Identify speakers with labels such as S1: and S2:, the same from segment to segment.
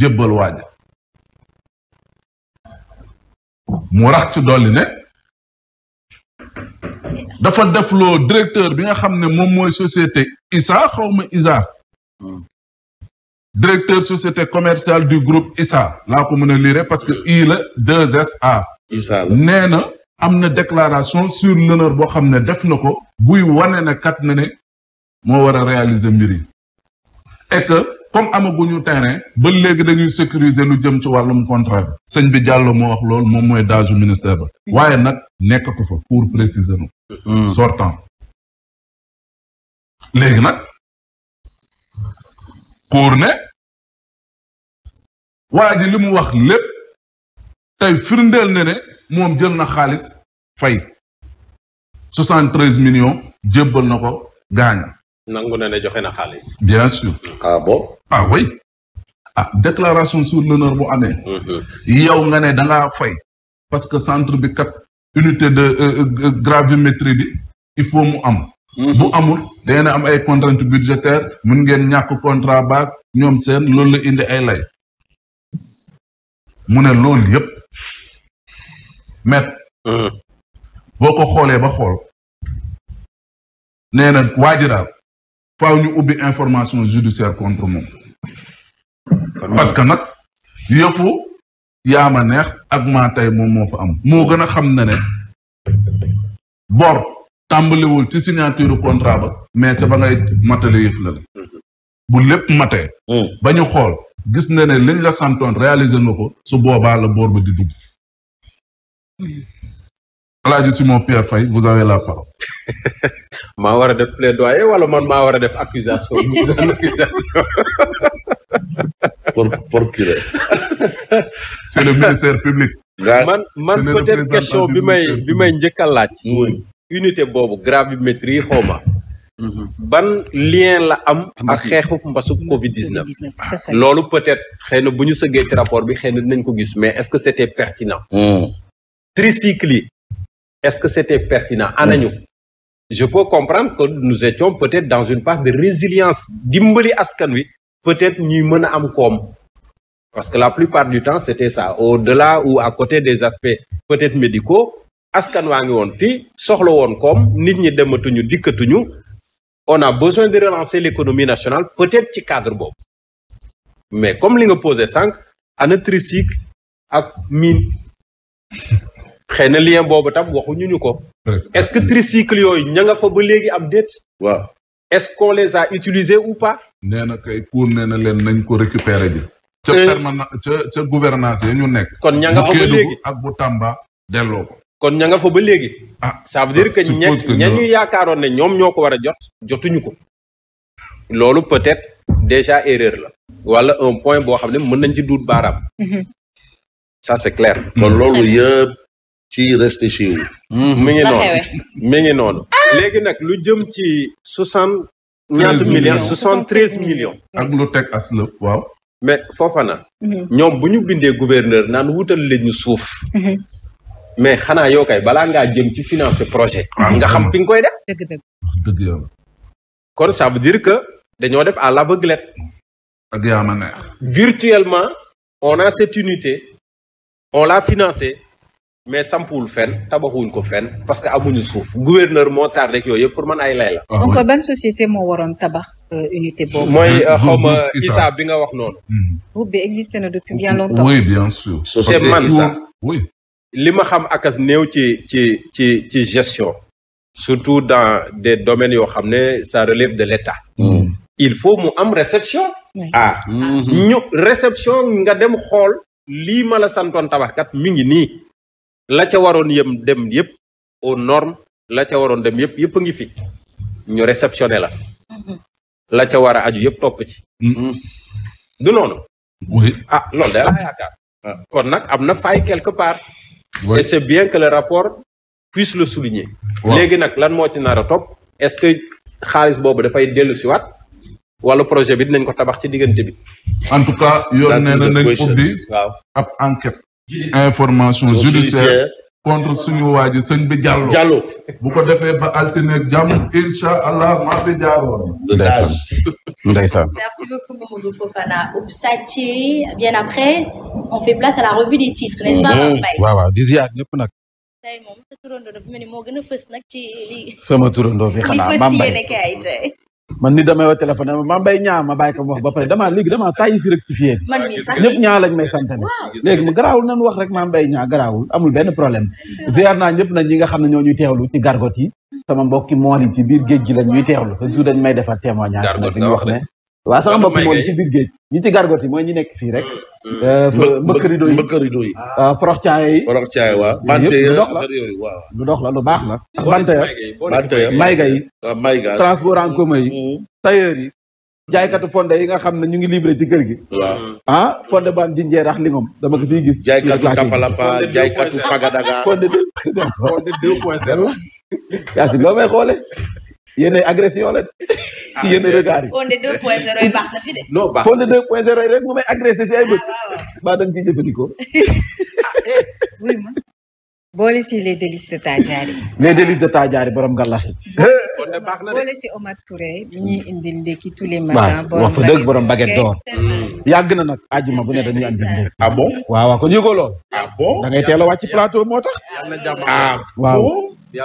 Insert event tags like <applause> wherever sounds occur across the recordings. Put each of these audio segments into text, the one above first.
S1: ga mu rax ci dolli ne dafa defloo directeur bi nga xam ne moom mooy société ISA xawma ISA hmm. directeur société commerciale du groupe ISA laa ko mën a lire parce que ila la 2SA nee na am na déclaration sur l'honneur boo xam ne def na ko buy wane ne kat na ne moo war a réaliser mbir yi comme amaguñu terrain ba léegi dañuy sécuriser lu jëm ci wàllum contrat bi sëñ bi jàlloo moo wax loolu moom mooy daaju ministère ba waaye nag nekkatu fa pour préciser nu hmm. sortant léegi nag pour ne waa li mu wax lépp tey firndeel ne ne moom jël na xaalis fay soixante treize millions jébbal na ko gaañal
S2: nangu na ne joxe na xaalis bien sûr ah
S1: ah oui ah déclaration sur l'honneur bu amee. Mhm. yow nga ne da ngaa fay. parce que centre bi kat unité de euh, euh, gravimétrie bi il faut mu am. Mhm. bu amul dangeen am ay contraintes budgétaires mun ngeen ñàkk contrat baag ñoom seen loolu la indi ay lay. mu ne lool yépp met mhm. boo ko xoolee ba xool nee na waaji daal faaw ñu ubbi information judiciaire contre moom. parce que nag yëfu yaa ma neex ak maa moom moo fa am moo gën a xam ne ne bor ci signature contrat ba mais ba ngay matale yëf bu lépp matee mm. ba xool gis na ne liñ la santoon réaliser na ko su boobaa la boor ba di dugg Alaaji Simon Pierre Faye vous avez la parole
S2: <laughs> maa war a def plaidoyer wala man maa war def accusation <laughs> por por curé. c'est le ministère public. man man peut-être question bi may bi may njëkkal a laaj. unité boobu gravimétrie xaw ma. Mhm. ban lien la am ak xeexu mbasub Covid 19. loolu peut-être xëy na bu ñu sëggee ci rapport bi xëy na dinañ ko gis mais est-ce que c'était pertinent. Hmm. tricycle yi est-ce que c'était pertinent anañu. Hmm. je peux comprendre que nous étions peut-être dans une phase de résilience dimbali askan wi peut-être ñuy mën a am koom parce que la plupart du temps c'était ça au-delà ou a côté des aspects peut-être médicaux askan waa ngi woon fii soxla woon kom nit ñi dematuñu dikkatuñu on a besoin de relancer l'économie nationale peut ci cadre boobu mais comme li nga posé sànq ana tricycle ak mine xëy na lien boobu tam waxu ñu ko. est-ce que tricycle yooyu ña nga fa ba léegi am déet. waaw est-ce qu'on les a utilisés ou pas.
S1: nee na kay kuur nee na leen nañ ko récupérer ji. ca eh. permanence ca yi ñu nekk. kon ña nga fa ba léegi
S2: ak bu Tamba delloo kon ña nga fa ba léegi. ah ça veut dire ah, que ña ñu yaakaaroon ne ñoom ñoo ko war a jot jotuñu ko. loolu peut-être déjà erreur la. wala un point boo xam ne mën nañ ci duut baaraam. Mhm. ça c'est clair. Mhm. kon loolu yëpp ci resté chez vous. mi ngi noonu mi ah! léegi nag lu jëm ci soixante ñaata millions 73 millions. ak lu teg as lëf waaw. mais Fofana. Mhm. ñoom bu ñu bindee gouverneur naan wutal leen ñu suuf. Mhm. mais xanaa yoo kay balaa ngaa jëm ci financer projet. Ah, nga xam fi nga koy def. dëgg dëgg dëgg kon ça veut dire que dañoo def à l'aveuglette. ak yaa ma neex. virtuellement on cette unité on l'a financée mais sampuwul fenn tabaxuñ ko fenn parce que amuñu suuf gouverneur moo taar rek yooyu yëpp pour man ay lay la. Ah, donc ban société moo waroon tabax euh, unité boobu. mooy xaw ma ISRA bi nga wax noonu. Hmm. groupe bi existé na depuis bien longtemps. oui bien sûr. c'est man sax li ma xam akas néew ci ci ci ci gestion. surtout dans des domaines yoo xam ne ça relève de l'État. Hmm. il faut mu am réception. ah hmm. ñu réception nga dem xool lii ma la santoon tabaxkat mi ngi nii. la ca waroon yem dem yëpp aux normes la ca waroon dem yëpp yëpp a ngi fi ñu réceptionné la la ca war a aju yëpp topp ci du noonu ah loolu da laa yaakaar ah. kon nag am na faille quelque part et c'est bien que le rapport puisse le souligner léegi nag lan moo ci nar a topp est-ce que xaalis boobu dafay dellu si waat wala projet bi dinañ ko tabax ci diggante bi en tout cas yoon nee nañ ubbi
S1: ab enquête information judiciaire contre suñu waa ji bi Diallo Diallo bu ko defee ba altineeg jàmm incha allah maa fi jaaroon. ndeysaan ndeysaan. merci beaucoup Mamadou Fofana. Oubsachi bien après on fait place à la revue des titres n'est-ce pas. Mhm. waaw
S3: waaw di ziar
S4: turandoo bi mu ne gën a fës nag ci
S3: sama turandoo bi xanaa Mame man ni damay woo téléphone ma mbay ñaa ma bàyyi ko mu wax ba pare damaa léegi damaa tàyyi si rectifié ñëpp ñaa lañ may sant ne léegi mu garaawul nañu wax rek ma mbay ñaa garaawul amul benn problème ziar na ñëpp nag ñi nga xam ne ñoo ñuy teewlu ci gargot yi sama mbokki mool yi ci biir géej gi lañ ñuy teewlu sa jour dañ may defar témoignage nag dañu wax ne waaw sama mbokk moom ci biir géej ñi ci gargot mooy ñi nekk fii rek. Mm. Euh, mbëkk rido yi mbëkk rido yi. Ah. Ah, forox caay yi forox caay waaw. bante ya lu la lu baax la. bante ya
S4: bante ya mayga yi. waaw mayga transport
S3: yi. tailleur yi. fonde yi nga xam ne ñu ngi libre ci kër gi. waaw ah fonde bu am jinjeer rax dama ko fiy gis. jaaykatu tapalapa jaaykatu fagadaga. fonde deux <laughs> point si loo xoole yéen ay agression la de. ah yéen baax
S4: na fi de. non <laughs> baax
S3: Fondé 2.0 yi rek mu may agressé si ay bët. Ah, ba da nga ciy jëfandikoo.
S2: wuy <laughs> ah, eh, ma. boole si les de Tadjari.
S3: les de Tadjari borom gàllaxi.
S2: Fondé eh, baax na de boole si Omar Touré. mi ñuy indil tous les matins. borom baguette dëgg borom baguette d'or.
S3: na nag àjjuma bu ne dañuy andi ndékki. a ah bon waaw kon yëgoo lool. ah bon da a plateau moo tax.
S2: ah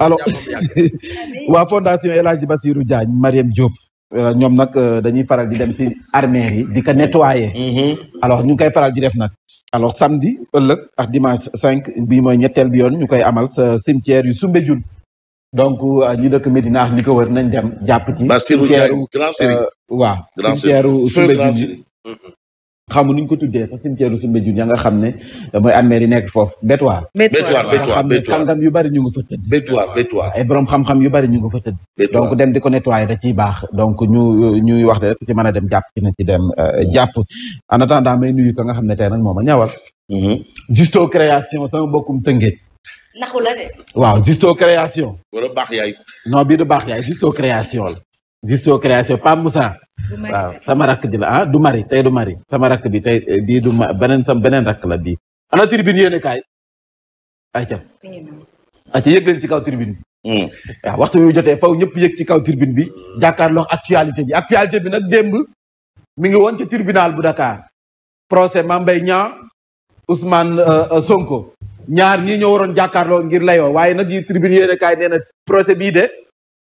S2: alors
S3: waa fondation El Hadj Bassirou Diagne Mariam Diop. Euh, ñoom nag euh, dañuy faral di dem ci armée yi di ko nettoyer. Mhm. alors ñu ngi koy faral di def nag. alors samedi ëllëg ak dimanche cinq bii mooy ñetteel bi yoon ñu koy amal sa cimetière yu Soumbédioune. donc ñi dëkk Medina ak li ko wër nañ dem jàpp ci. Bassirou Diagne grand Serigne. Euh, waaw xamu nuñ ko tuddee sa cimetière su Mbédioune ya nga xam ne mooy armée yi nek foofu bétuwaar bétuwaar bétuwaar nga xam bari ñu nga ay borom xam yu bari ñu nga fa donc dem di ko nettoyer da ciy baax donc ñu ñuy wax ne rek ci mën a dem jàpp ci na ci dem euh, jàpp en attendant may nuyu ka nga xam ne tey nag moo ma ñawal mm-hmm. justo création sama bokkum tëngeej naxu la waaw justo création wala baax yaay non bii du baax yaay justo création la Zizo création Pape Moussa. waaw sama rakk ji ah, du mari tey mari sama rakk bi tey eh, sam beneen rakk la ana tribune yéen a kaay. ayca ayca yëg leen ci kaw tribune bi. Hmm. waxtu wi jotee faw ñëpp yëg ci kaw tribune bi. jàkkaarloo actualité bi actualité bi nag démb. mi ngi woon ci tribunal bu Dakar. procès Mame Mbaye Niang Ousmane euh, euh, Sonko. ñaar ñii ñoo waroon jàkkaarloo ngir layoo waaye nag yi tribune yéen kaay nee procès bii de.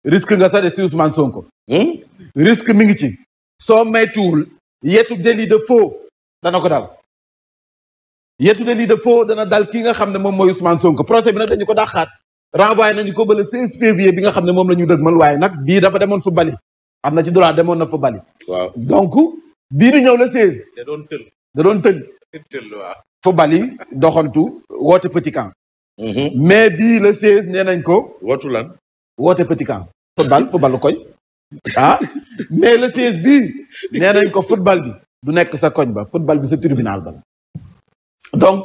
S3: risque nga sax de si Ousmane Sonko. Hmm? risque mi ngi ci soo maytuwul yetu délit de faux dana ko dal yetu délit de faux dana dal ki nga xam ne moom mooy Ousmane Sonko procès bi nag dañu ko daxaat renvoyé nañu ko ba le 16 bi nga xam ne moom lañu ñu dëgmal waaye nag bii dafa demoon fo bali am na ci droit demoon na fu bali. waaw donc bii di ñëw la 16. da doon tël da doon tël. tël waaw fu bali doxantu woote petit mhm. mais bii la 16 nee nañ ko. wootu lan woote petit camp. football football koy. ah mais le siège bi nee nañ ko football bi du nekk sa koñ ba football bi sa tribunal ba donc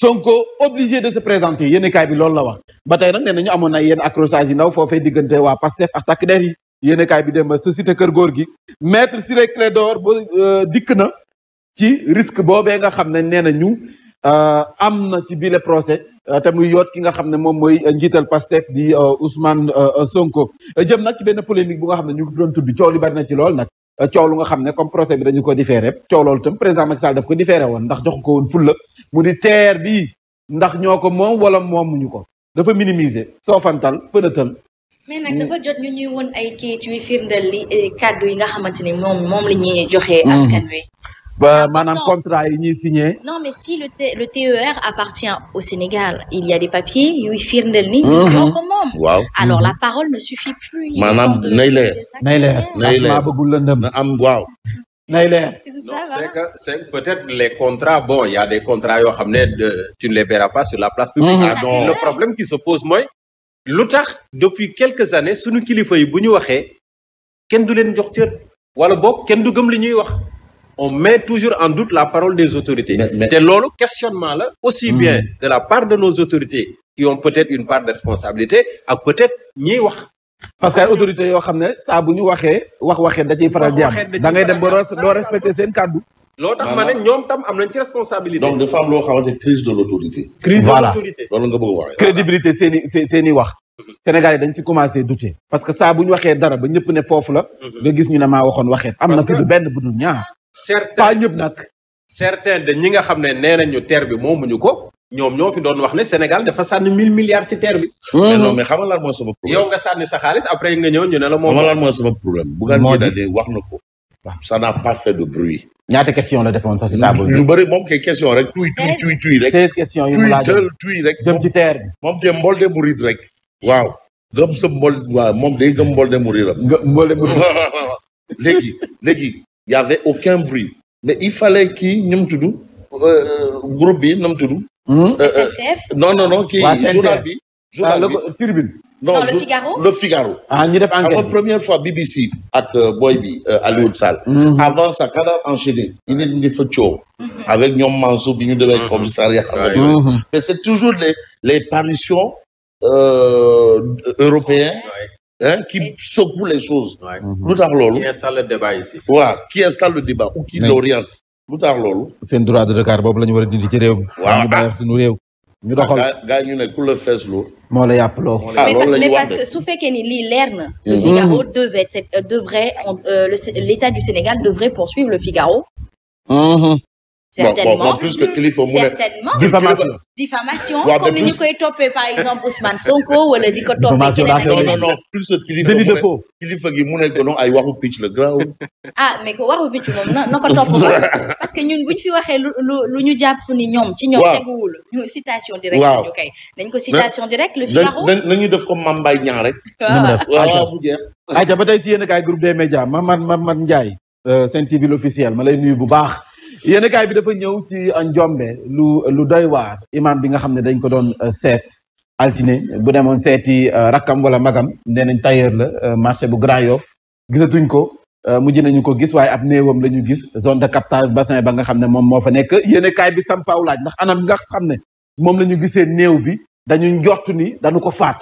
S3: Sonko obligé de se présenter yéen bi loolu la wax ba tey nag nee nañu amoon a yenn accrochage yi ndaw foofee diggante waa Pastef ak takk der yi yéen kaay bi dem ba sa cité kër góor gi maître Ciré Clédor ba euh, dikk na ci risque boobee nga xam ne nee ñu euh, am na ci bile procès Euh, te muy yoot ki nga xam ne moom mooy euh, njiital Pastef di euh, Ousmane Sonko jëm nag benn polémique bu nga xam ne ñu ngi doon tudd coow na ci lool nag coow lu nga xam ne comme procès bi dañu ko différé coow loolu tam président Macky daf ko différé woon ndax jox ko woon fulla mu di terre bi ndax ñoo ko moom wala moomuñu ko dafa minimiser soofantal fënatal
S4: mais nag dafa jot ñu ñuy woon ay kayit yu firndal li eh, kàddu yi nga xamante moom moom la joxe hmm. askan wi
S3: Ah, maanaam contrat yi ñuy signé.
S1: non mais si le T le TER appartient au Sénégal il y a des papiers
S4: yuy firndeel ni. ñoo ko moom. waaw alors la mhm. parole ne suffit plus. maanaam nay leer nay leer nay leer bëggul lëndëm na am waaw. nay leer.
S2: c'est que c'est peut-être les contrats bon ya y a des contrats yoo xam ne tu ne les verras pas sur la place publique. donc mhm. ah, ah, le problème qui se pose mooy. lu tax depuis quelques années sunu kilifa yi bu ñu waxee kenn du leen jox cër. wala boog kenn du gëm li ñuy wax. on met toujours en doute la parole des autorités. te loolu questionnement la. aussi hmm. bien de la part de nos autorités qui ont peut-être une part de responsabilité ak peut-être ñiy wax. parce que ay autorités yoo xam ne saa
S3: bu ñu waxee wax waxee da ciy faral di am da ngay dem ba doo respecter seen kàddu. loo tax ma ne tam am nañ ci responsabilité. donc dafa am loo xamante crise de l'autorité. crise de l'autorité loolu nga bëgg waxee. crédibilité seen i seen i wax. Sénégal parce que saa bu ñu waxee dara ba ñëpp ne foofu la. Mhm. nga gis ñu ne maa waxoon waxeet am na benn bu dul
S2: certains ñëpp nag certains de ñi nga xam ne nee nañu terre bi ñu ko ñoom ñoo fi doon wax ne Sénégal dafa sànni mille
S4: milliards ci terre bi. mais mmh. non mais xam nga lan mooy sama problème. yow nga sànni
S2: sa xaalis après nga ñëw ñu ne la moom. xam nga lan
S4: mooy sama problème. Bougane Gueye Dany wax na ko. ça n'a pas fait de bruit. ñaata question la defoon sax si table bi. lu bëri moom kay question rek. tuy tuy tuy rek. seize questions yu mu laajoon tuy rek. jëm ci terre bi moom de mbool de murid rek. waaw gëm sa mbool waaw moom day gëm mbool de murid rek. <laughs> léegi y avait aucun bruit mais il fallait kii ñum tudd groupe bi nam tudd hmm? euh, euh, non non non kii journal bi journal ah, bi non le Figaro ah ñu def enquête avant première fois BBC ak euh, boy bi Alioune Sall hmm. avant ça Kadar enchaîné ñu ne ñu fa mm-hmm. avec ñoom Mansour bi ñu demee mm-hmm. commissariat mm-hmm. mais c'est toujours les les parutions hein, qui Et... secoue les choses. lu tax loolu. qui installe le débat ici. waaw qui installe le débat ou qui l'oriente. lu tax loolu.
S3: seen droit de regard boobu la ñu war a dindi ci réew mi. waaw ñu réew.
S4: ñu doxal gaa ñu ne ku la
S3: fees loo. moo la yàpp loo. ah loolu la ñu wax mais parce que
S1: su fekkee ni lii leer na. le mhm. Figaro devait euh, devrait euh, l'état du Sénégal devrait poursuivre le Figaro. Mhm.
S2: certainement bon,
S4: bon, kilifa mu ne diffamation
S2: diffamation comme ni ñu koy toppee par exemple
S4: Ousmane <laughs> Sonko wala di ko toppee keneen non non non plus gi mu ne ko non ay waxu la graw ah mais ko waxu picc moom na na ko wa parce que ñun bu
S1: fi waxee lu lu lu ñu jàpp ni ñoom ci ñoom teguwul ñu citation directe ñu koy dañ ko citation directe le na
S4: nañu def comme Mame Mbaye Niang rek waaw bu jeex ayca ba tey si yéen
S3: kaay groupe des médias Mamad Mamad Ndiaye euh, Sen TV l'officiel ma lay nuyu bu baax yéen bi dafa ñëw ci njombe lu lu doy waar imam bi nga xam ne dañ ko doon euh, seet altine bu demoon seeti euh, rakkam wala magam nee nañ tailleur la euh, marché bu Grand Yoff gisatuñ ko mujj nañu ko gis waaye ab néewam la ñu gis zone de captage bassin ba nga xam ne moom moo fa nekk yéen kaay bi sampaaw laaj ndax anam nga xam ne moom la ñu gisee néew bi dañu njort ni danu ko faat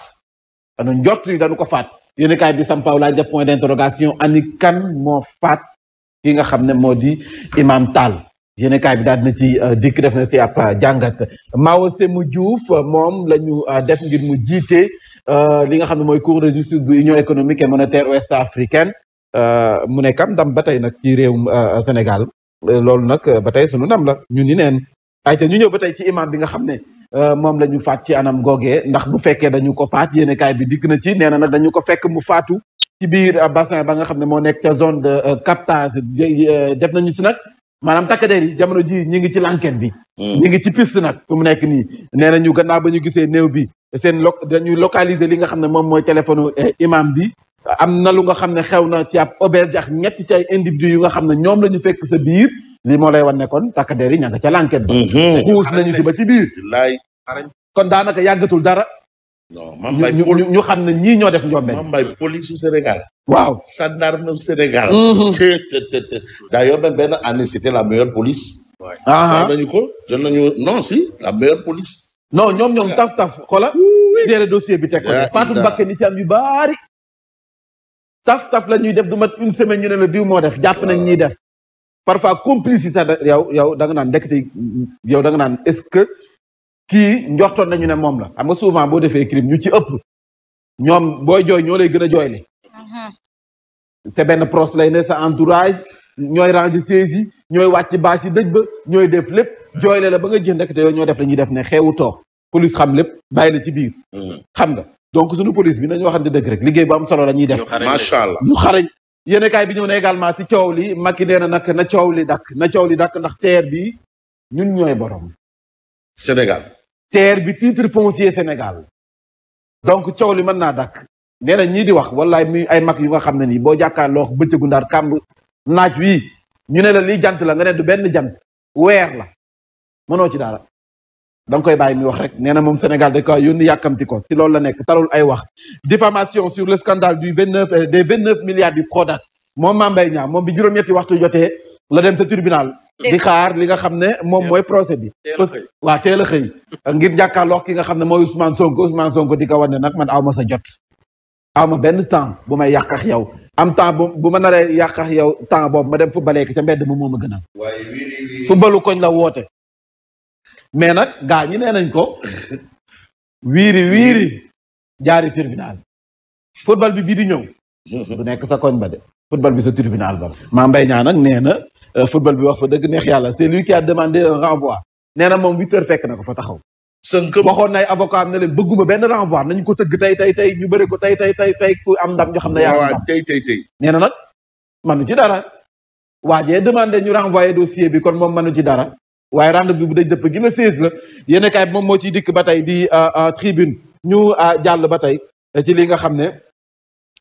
S3: dañu njort ni dañu ko faat yéen kaay bi sampaaw laaj def point d'interrogation ani kan moo faat ki nga xam ne moo di imam Tall yéen bi daal dina ci euh, dikk def na si ab euh, jàngat Mao Sémou Diouf euh, moom lañu def ngir mu jiite li nga xam ne mooy cour de justice bu union économique et monétaire ouest africaine mu nekk dam ba tey nag ci réewum Sénégal loolu nag ba tey sunu ndam la ñu ni neen ayte ñu ñëw ba tey ci imam bi nga xam ne moom la ñu faat ci anam googee ndax bu fekkee dañu ko faat yéen bi dikk na ci nee na nag dañu ko fekk mu faatu ci biir bassin ba nga xam ne moo nekk ca zone de captage def nañu si nag maanaam takkadeer yi jamono ji ñi ngi ci lanket bi hmm. ñi ngi ci piste nag fu mu nekk nii nee na ñu gannaaw ba ñu gisee néew bi seen lo dañuy localiser li nga xam ne moom mooy téléphone eh, imam bi am na lu nga xam ne xew na ci ab auberge ak ñetti ci ay individu yu nga xam ne ñoom la ñu fekk sa biir lii moo lay wan ne kon takkadeer yi ña nga ca lanket bi hmm. xuus nañu si ba ci biir kon daanaka yàggatul dara
S4: non mam Mbaye ñu ñu xam ne ñii ñoo def njombe. Mame Mbaye police su Sénégal. waaw gendarme Sénégal. te te te te d'ailleurs même benn année c'était la meilleure police.
S1: waaw
S3: ah, waaw
S4: ah. ko jël nañu non si la meilleure police. non ñoom ñoom taf taf xola
S3: géré dossier bi teg ko Fatou Mbacké ni ci am yu baari. taf taf la ñuy def du mat une semaine ñu ne la diw moo def jàpp nañ ñuy def. parfois complice yi sax yow yow da nga naan ndekete yow da nga naan est-ce que. kii njortoon nañu ne moom la xam nga souvent boo defee crime ñu ci ëpp ñoom booy jooy ñoo lay gën a jooyle mhm. sa benn proche lay ne sa entourage ñooy ranger siège yi ñooy wàcc bâche yi dëj ba ñooy def lépp jooyle la ba nga jën rek te yow ñoo def la ñuy def ne xewu toog police xam lépp bàyyi la ci biir mhm. xam nga donc sunu police bi nañu waxante dëgg rek liggéey bu am solo la ñuy def
S4: macha allah ñu
S3: xarañ yéen kaay bi ñëw na également ci coow li Macky nee na nag na coow li dakk na coow li dakk ndax teer bi ñun ñooy borom terre bi titre foncier Sénégal donc coow li mën naa dakk nee na ñii di wax wallaay mi ay mag yu nga xam ne nii boo jàkkaarloo bëccëgu ndaar kàmb naaj wii ñu ne la lii jant la nga ne du benn jant weer la mënoo ci dara da nga koy bàyyi mi wax rek nee na moom Sénégal da ko yónni yàkkamti ko ci loolu la nekk tarul ay wax diffamation sur le scandale du vingt neuf euh, des vingt neuf milliards du Prodac moom Mame Mbaye Niang moom bi juróom-ñetti waxtu jotee la dem te tribunal di xaar li nga xam ne moom mooy procès bi. waa teel a xëy ngir jàkkaarloo ki nga xam ne mooy Ousmane Sonko Ousmane Sonko di ka wan ne nag man aw ma sa jot. aw ma benn temps bu may yàq ak yow am temps bu ma naree yàq ak yow temps boobu ma dem footballee ko ca mbedd ma moo ma gën a. waaye wii la woote. mais nag gaa ñi nee nañ ko. wiiri wiiri jaari football bi bii di ñëw. <laughs> du nekk sa koñ ba de. football bi sa tribunal ba la. maa nag nee Euh, football bi wax fa dëgg neex yàlla c'est lui qui a demandé un renvoi nee moom huit heures fekk na ko fa taxaw. sënk waxoon nay avocat am ne leen bëgguma benn renvoi nañu ko tëgg tey tey tey ñu bëri ko tey tey tey tey ku am ndam ñu xam ne. yaa waaw tey tey tey. na nag manu ci dara waajee demandé ñu renvoyer dossier bi kon moom manu ci dara waaye rendez-vous bi dañ dëpp gi la 16 la yéen kaay moom moo ciy dikk ba tey di euh, euh, tribune ñu jàll ba tey ci li nga xam ne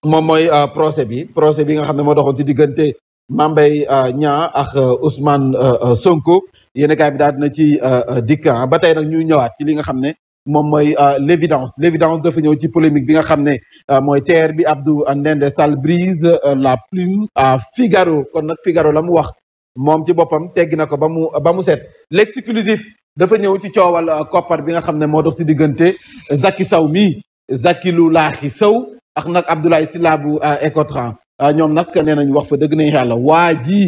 S3: moom mooy procès bi procès bi nga xam ne moo doxoon si diggante. Mame Mbaye euh, Niang ak euh, Ousmane euh, Sonko yéen kaay bi daal dina ci dikkan ah. ba tey nag ñu ñëwaat ci li nga xam ne moom mooy l' évidence l' évidence dafa ñëw ci polémique bi nga xam ne moy TER bi Abdou Ndende Sall brise la plume à Figaro kon nag Figaro la mu wax moom ci boppam teggi na ko ba mu ba mu set lek exclusif dafa ñëw ci coowal koppar bi nga xam ne moo dox si diggante Zaki saw mi Zaki lu laaxi Sow ak nag Abdoulaye Sylla bu Ecotran Ah, ñoom nag nee nañ wax fa dëgg nañ yàlla waa ji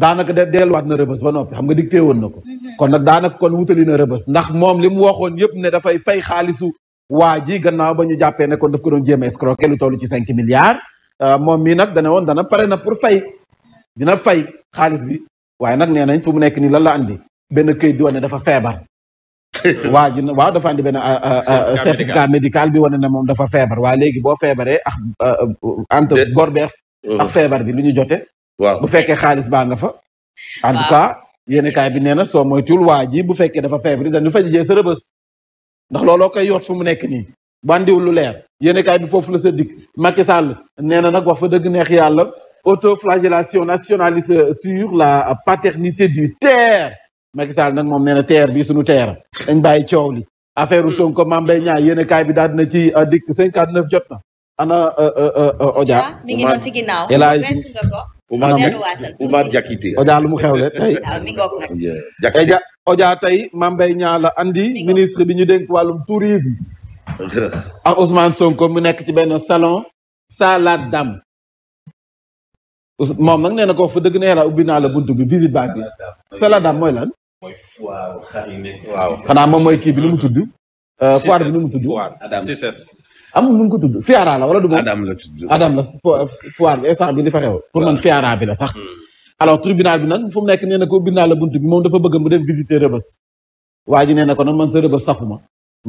S3: daanaka de delluwaat na rëbës ba noppi xam nga digtee woon na ko mhm. kon nag daanaka kon wutali na rëbës ndax moom li mu waxoon yëpp ne dafay fay xaalisu waa ji gannaaw ba ñu jàppee ne kon daf ko doon jéem a escroquer ci cinq milliards ah, moom mii nag dana woon dana pare na pour fay dina fay xaalis bi waaye nag nee nañ fu mu nekk nii lan la andi benn këyit di ne dafa feebar <laughs> waa ji waaw dafa andi benn euh, euh, euh, certificat médical bi wane na moom dafa feebar waa léegi boo feebaree ax ah, entre góor beex uh-huh. ak feebar bi lu ñu jote waaw bu fekkee xaalis baa nga fa en tout cas yéen bi nee na soo moytuwul waa ji bu fekkee dafa feebar dañu fa jijee sa rëbës ndax looloo koy yoot fu mu nekk nii bandiwul lu leer yéen kaay bi foofu la sa dikk Macky Sall na nag wax fa dëgg neex yàlla autoflagellation nationaliste sur la paternité du terre Macky saal nag moom nee na teer bi sunu teer dañ bàyyi coow li affaire Sonko Mame Mbaye Niang yéen kaay bi daal dina ci euh, dikk cinquante neuf jot na ana euh, euh, Oja ci
S4: ginnaaw Oumar
S3: Diakité Oja lu mu xewle tey <laughs> Oja Oja tey Mame Mbaye la andi ministre bi ñu dénk wàllum tourisme
S1: <laughs>
S3: ak Ousmane Sonko mu nekk ci benn salon Salade Dame moom nag nee na ko fa dëgg ne yàlla ubbi naa buntu bi visite baa ngi Salade Dame mooy lan
S2: waaw xar yi nekk waaw xanaa moom mooy kii bi nu euh, mu tudd. foire bi nu
S3: mu tudd. am nu ko tudd fiara la wala du moom. Adam la tudd Adam la foire bi instant bi li fa xew. pour man fiara bi la sax. Hmm. alors tribunal bi nag fu mu nekk nee na ko bindal la bunt bi moom dafa bëgg mu dem visiter rëbës. waa na ko nag man sa rëbës safuma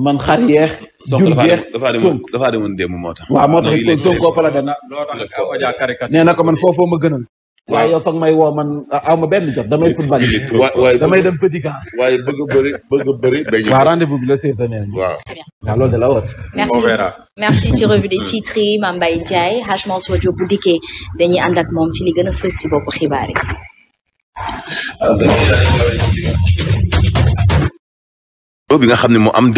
S3: man xar yeex.
S2: jur yeex dafa demoon dafa demoon démb moo tax. waaw moo tax it kon Sonko fa la dem.
S3: nee na ko man foofoo ma gënal. waaye yow toog may woo a ah, aw benn jot damay football yi. waaye damay dem
S4: petit camp. waaye bëgg bëri bëgg
S3: bëri. dañuy waaw rendez-vous la seize nee nañu. waaw waaw loolu de la woot. merci
S4: merci ci revue des hmm. titres yi Mame Mbaye Ndiaye Hadj Mansour Diop bu dikkee dañuy ànd ci li gën a fës ci ah, nga xam ne mu am.